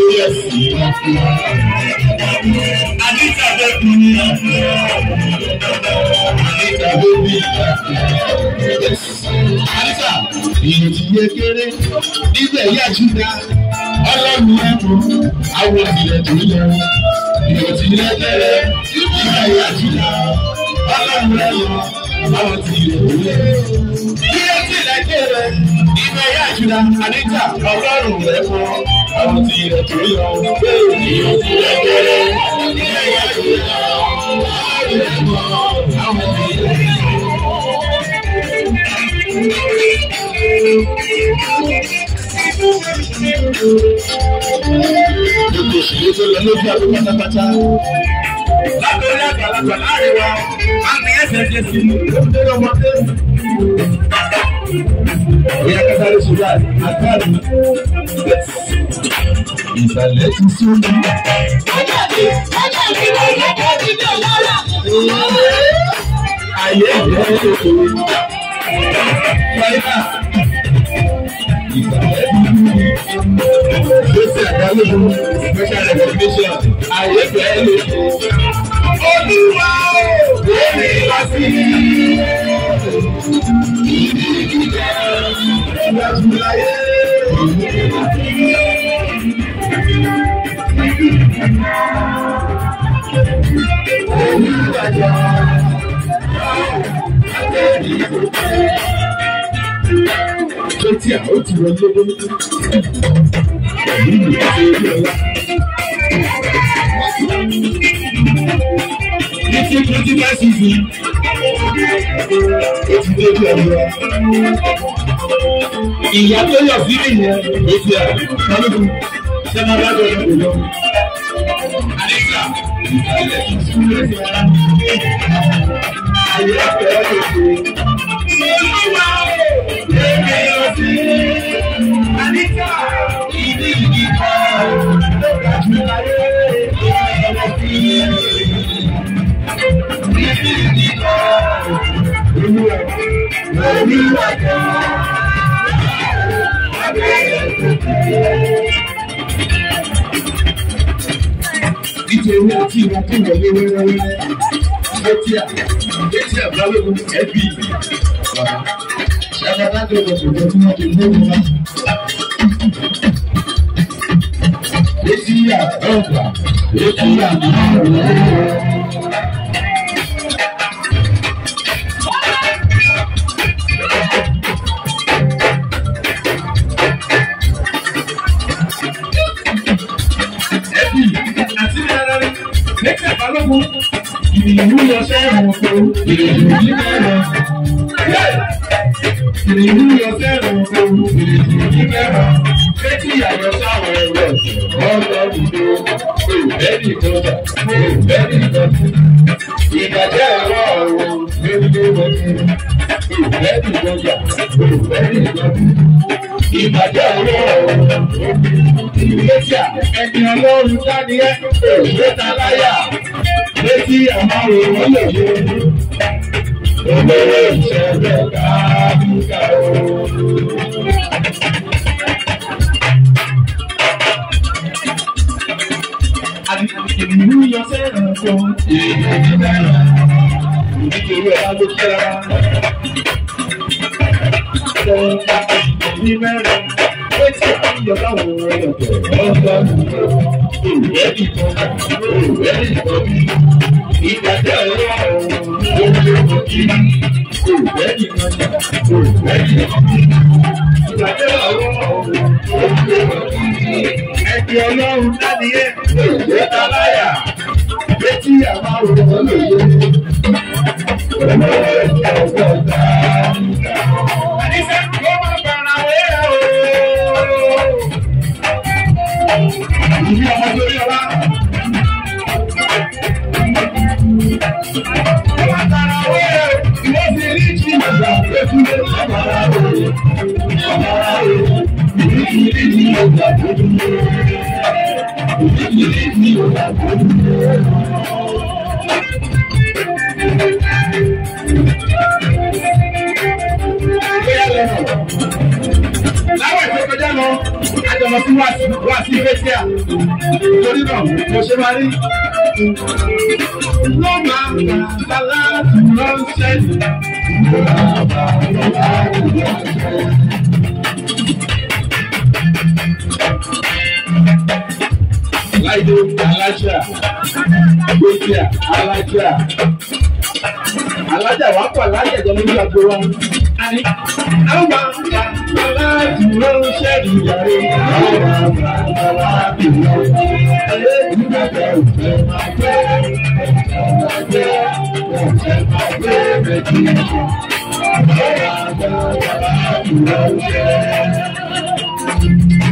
lórí ẹ̀sìn. Anita Bẹ́bí ni Anita Bẹ́bí. Anita ìyẹ̀tì yẹ kéré níbẹ̀ yá jíga ọlọ́run ẹ̀kọ́ àwọn ìyẹ̀tì yẹ ìyẹ̀tì yẹ kéré níbẹ̀ yá jíga ọlọ́run ẹ̀kọ́ àwọn ìyẹ̀tì yẹ ẹ̀jẹ̀ rẹ̀ ìgbẹ́ yá ìṣúná àníjà ọlọ́run rẹ̀ fún àwọn tí ilẹ̀ tó yọ. Ìyóò ti rẹ̀ kéré ìgbẹ́ yá ìṣúná ọlọ́run rẹ̀ fún Gbogbo òṣèré tó lọ lójú àbí pátápátá. Lábẹ́rẹ́ àgbàlagbà láàrin wa, a ní ẹsẹ̀ sí Ó ń dé lọ́mọdé. Oya kátàrí sórí àgbàdo. Ìsàlẹ̀ ti sún mi. Ọjọ́ mi, ọjọ́ mi ló ń lọ́kọ́ mi ní ọlọ́rà. Ayé ìjọba ń ṣe òwe. Fáyà. Ìsàlẹ̀ ti sún mi. Gbèsè àdálógún, special recognition, ayé ìbẹ̀rẹ̀ lè fò. Olúwa ò gbé mi lọ sí i láyé. tí àwọn ti wọlé lórí? Èyí ìgbàjà ó yẹ wá. Ní ti bá ṣì Ó ti dé bí ọ̀rọ̀ ìyá tó yọ sí nìyẹn èsì ẹ̀ lọ́dún sẹ́nà lọ́dún yìí kò lọ. Àlẹ́sà ìsàlẹ̀ ìṣúlẹ̀ ti ara ayé ẹ̀fẹ́ ọ̀dọ̀ ṣe. Olúwa èmi lọ sí Àlẹ́sà ìdí ìdí kan ló ga jù láyé ìṣẹ̀lẹ̀ sí. Ìdí ìdí kan olúwa èmi wájà nítorí àti ìwọ̀n kò wọlé wẹ́rẹ́wẹ́rẹ́ létí à létí à balógun ẹbí ṣáná láti ọ̀dọ̀ kò jẹ́ kí wọ́n ti gbé wọn wá. létí à ọ̀gbà létí à ológun ìlú lọ sẹ́wọ̀n kó ìlú jíjẹ́ lọ. ìlú lọ sẹ́wọ̀n kó ìlú jíjẹ́ lọ. Létí àyọ̀ sáwọn ẹ̀rọ ọ̀rọ̀ ìlú olùbẹ́ẹ̀dì ìjọba olùbẹ́ẹ̀dì ìjọba. Ìbàjẹ́ ẹ̀rọ ọ̀rọ̀ lórílẹ̀ wọ̀nyí olùbẹ́ẹ̀dì ìjọba olùbẹ́ẹ̀dì ìjọba. Ìbàjẹ́ ẹ̀rọ ọ̀rọ̀ ìlú ìlú ìlú ẹni ọlọ́run jáde ẹ̀ òṣèlú ta láyà létí àmàrò wọn lè yé. Olówó ìṣẹ̀lẹ̀ káàkiri o. Ìlú yọ sẹ́yìn tó ìlú dídára. Nítorí ẹ̀ bá ló kíra. Ṣé ìlú mẹ́rin? Wéṣẹ̀ ìjọba wo ọ̀dọ̀ ọ̀dọ̀ ọ̀dọ̀? ready for me, ready for me. Ìbàjẹ́ ọlọ́run ló ń lé wọn kí. Kò ready for me, kò ready for me. Ìbàjẹ́ ọlọ́run ló ń lé wọn kí. Ẹ̀jẹ̀ ọlọ́run dábì yẹ kò yẹ ká láyà. Létí àmà òun ló lè yẹ. Ọ̀rọ̀ ẹ̀jẹ̀ ọgbọ̀n dáa. Àdìsẹ́ ló máa bàrà wẹ́rẹ́ o. Àbàtàrà wẹ̀rẹ̀ ìwé fi rí kí ìgbà fẹ́fúnlé àbàrà òye. Àbàrà òye ìwé fi rí kí ìgbà fẹ́fúnlé. Ìwé fi rí kí ìgbà fẹ́fúnlé. Láwọn ìfẹ́ kọjá lọ, àjọ̀mọ̀ sí wá sí wá sí ilé iṣẹ́ à. Torí náà, mo ṣe máa rí. Lọ́nà àgbàlá ránṣẹ́. Bàbá àgbàlá ránṣẹ́. Láìdé alájà, gbèsè alájà. Alájà wàá pọ̀ alájà jọ nínú agbo wa ní. Àwọn àgbà bàbá dúró ṣẹ́ni yàrá àwọn àgbà bàbá dúró. Ẹyẹ ti bẹ̀rẹ̀ òfẹ́ máa gbé òfẹ́ máa gbé òfẹ́ máa gbé méjì. Àwọn àgbà bàbá dúró ṣẹ́ni.